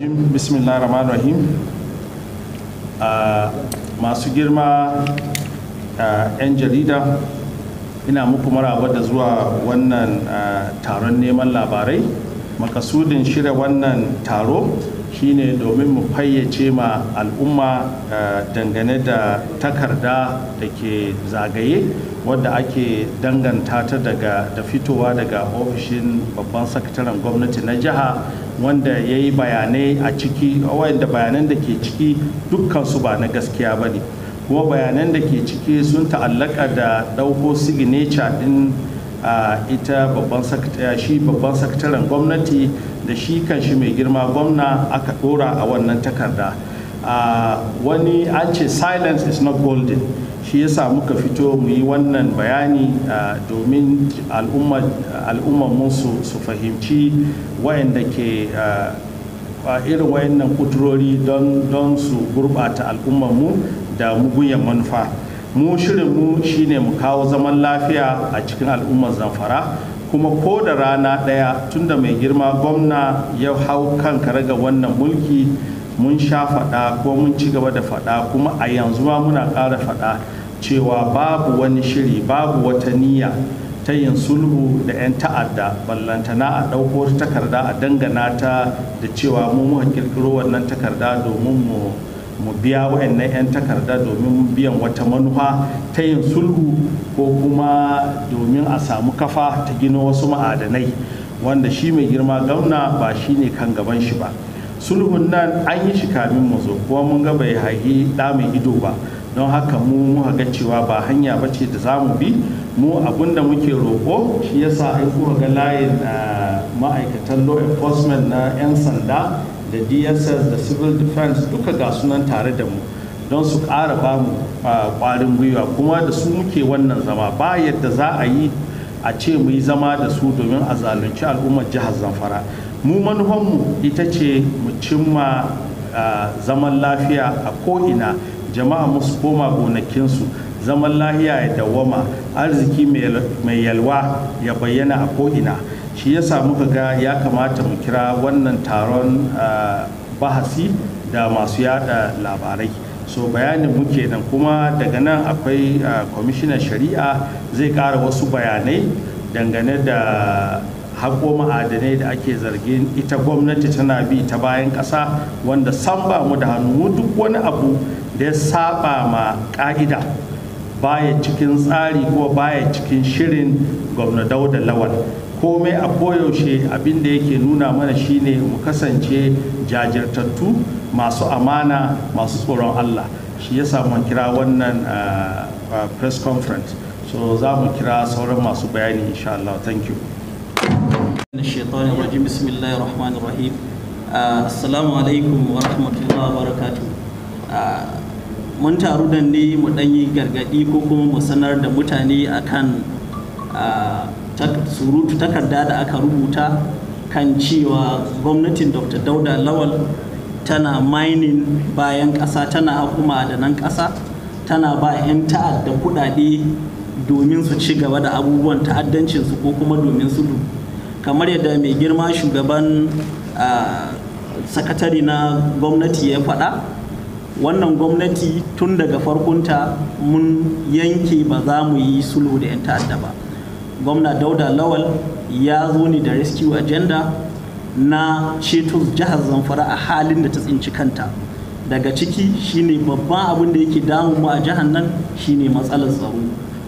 Uh, masu girma uh, yan jarida ina muku maraba da zuwa wannan uh, taron neman labarai makasudin shirya wannan taro shine domin mu fayyace ma al'umma eh, dangane da takarda da ke zagaye wadda ake danganta ta daga da fitowa daga ofishin babban sakataren gwamnati na jiha wanda ya yi bayanai a ciki wadda bayanan da ke ciki dukkansu ba na gaskiya ba ne kuma bayanan da ke ciki sun ta'allaka da ɗauko signature ɗin a ita babban shi babban sakataren gwamnati da shi kan shi mai girma gwamna aka dora a wannan takarda wani an ce silence is not golden shi yasa muka fito mu yi wannan bayani domin al'ummar su su fahimci wayanda ke irin wayannan kuturori don su gurbata al'ummar mu da muguyan manufa. mu shirin mu shine mu kawo zaman lafiya a cikin al'ummar zamfara kuma ko da rana ɗaya tunda mai girma gwamna ya hau kan ga wannan mulki mun sha faɗa ko mun ci gaba da faɗa kuma a yanzu ma muna ƙara faɗa cewa babu wani shiri babu wata niyya ta yin sulhu da 'yan ta'adda ballantana a ɗauko takarda a dangana ta da cewa mu muka ƙirƙiro wannan takarda domin mu mu biya wayannan 'yan takarda domin biyan wata manufa ta yin sulhu ko kuma domin a samu kafa ta gina wasu ma'adanai wanda shi mai girma gauna ba shi ne kan gaban shi ba sulhun nan an yi shi kamin mu zo kuma mun ga bai hagi ɗa mai ido ba don haka mu muka ga cewa ba hanya ba ce da za mu bi mu abinda muke roƙo shi yasa ai kuma ga layin ah, ma'aikatan law enforcement na 'yan sanda da dss da civil defense duka ga sunan tare da mu don su kara ba mu kwarin gwiwa kuma da su muke wannan zama ba yadda za a yi a ce mu yi zama da su domin a zalunci al'ummar jihar zamfara mu manufanmu ita ce mu cimma zaman lafiya a ko'ina jama'a musu koma gonakinsu zaman lahiya ya dawwama arziki mai yalwa ya bayyana a ko'ina shi ya muka ga ya kamata mu kira wannan taron ah, bahasi da masu yada labarai so bayanin muke nan kuma daga nan akwai ah, kwamishinan shari'a zai kara wasu bayanai dangane da haƙo ma'adanai da ake zargin ita gwamnati tana bi ta bayan ƙasa wanda san ba mu da hannu duk wani abu da ya saba ma ƙa'ida baya cikin tsari ko baya cikin shirin gwamna dauda lawal komai a koyaushe abin da yake nuna mana shine mu kasance jajirtattu masu amana masu tsoron allah shi ya samu kira wannan ah, ah, press conference so za mu kira sauran masu bayani insha allah thank you الشيطان الرجيم ah, wa الله wa الرحيم mun taru da ne mu ɗanyi gargaɗi ko kuma mu sanar da mutane akan surutu takarda da aka rubuta kan cewa gwamnatin dr dauda lawal tana mining bayan ƙasa tana hukuma da nan ƙasa tana ba 'yan ta'adda kuɗaɗe domin su ci gaba da abubuwan ta'addancinsu ko kuma domin su kamar yadda mai girma shugaban sakatari na gwamnati ya faɗa wannan gwamnati tun daga farkonta mun yanke ba za mu yi sulhu da 'yan ta'adda ba gwamna dauda lawal ya zo ne da rescue agenda na ceto jihar zamfara a halin da ta tsinci kanta daga ciki shine babban abin da yake damu mu a jihar nan shine matsalar tsaro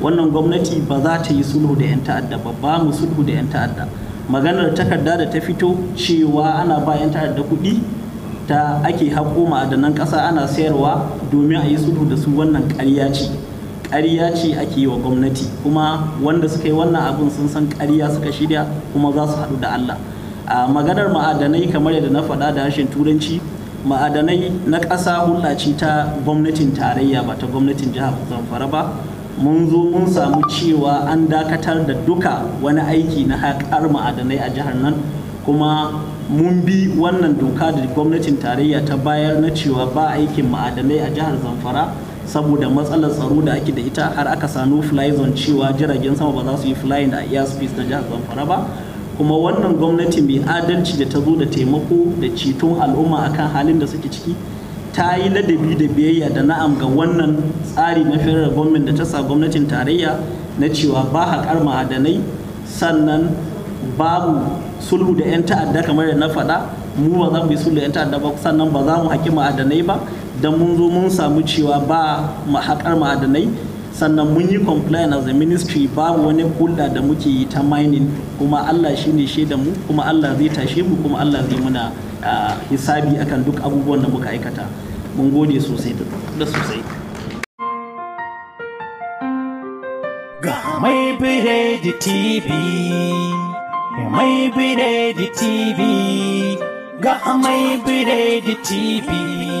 wannan gwamnati ba za ta yi sulhu da 'yan ta'adda ba ba mu sulhu da 'yan ta'adda maganar takarda da ta fito cewa ana ba 'yan ta'adda kuɗi ta ake haƙo ma'adanan ƙasa ana sayarwa domin a yi sulhu da su wannan ƙarya ce ƙarya ce ake yi wa gwamnati kuma wanda suka yi wannan abin sun san ƙarya suka shirya kuma za su haɗu da Allah a maganar ma'adanai kamar yadda na faɗa da harshen turanci ma'adanai na ƙasa hulɗa ce ta gwamnatin tarayya ba ta gwamnatin jihar zamfara ba mun zo mun samu cewa an dakatar da duka wani aiki na haƙar ma'adanai a jihar nan kuma mun bi wannan doka da gwamnatin tarayya ta bayar na cewa ba aikin ma'adanai a jihar zamfara saboda matsalar tsaro da ake da ita har aka sanu fly zone cewa jiragen sama ba za su yi da a airspace na jihar zamfara ba kuma wannan gwamnati mai adalci da ta zo da taimako da ceton al'umma akan halin da suke ciki ta yi ladabi da biyayya da na'am ga wannan tsari na federal government da ta sa gwamnatin tarayya na cewa ba haƙar ma'adanai sannan babu sulhu da 'yan ta'adda kamar da na faɗa mu ba za mu yi sulhu da 'yan ta'adda ba sannan ba za mu haƙi ma'adanai ba don mun zo mun samu cewa ba mahaƙar ma'adanai sannan mun yi complain as a ministry babu wani hulɗa da muke yi ta mining kuma Allah shi ne shaida mu kuma Allah zai tashe mu kuma Allah zai muna hisabi akan duk abubuwan da muka aikata mun gode sosai da sosai ga mai biredi tv mai biredi tv ga mai biredi tv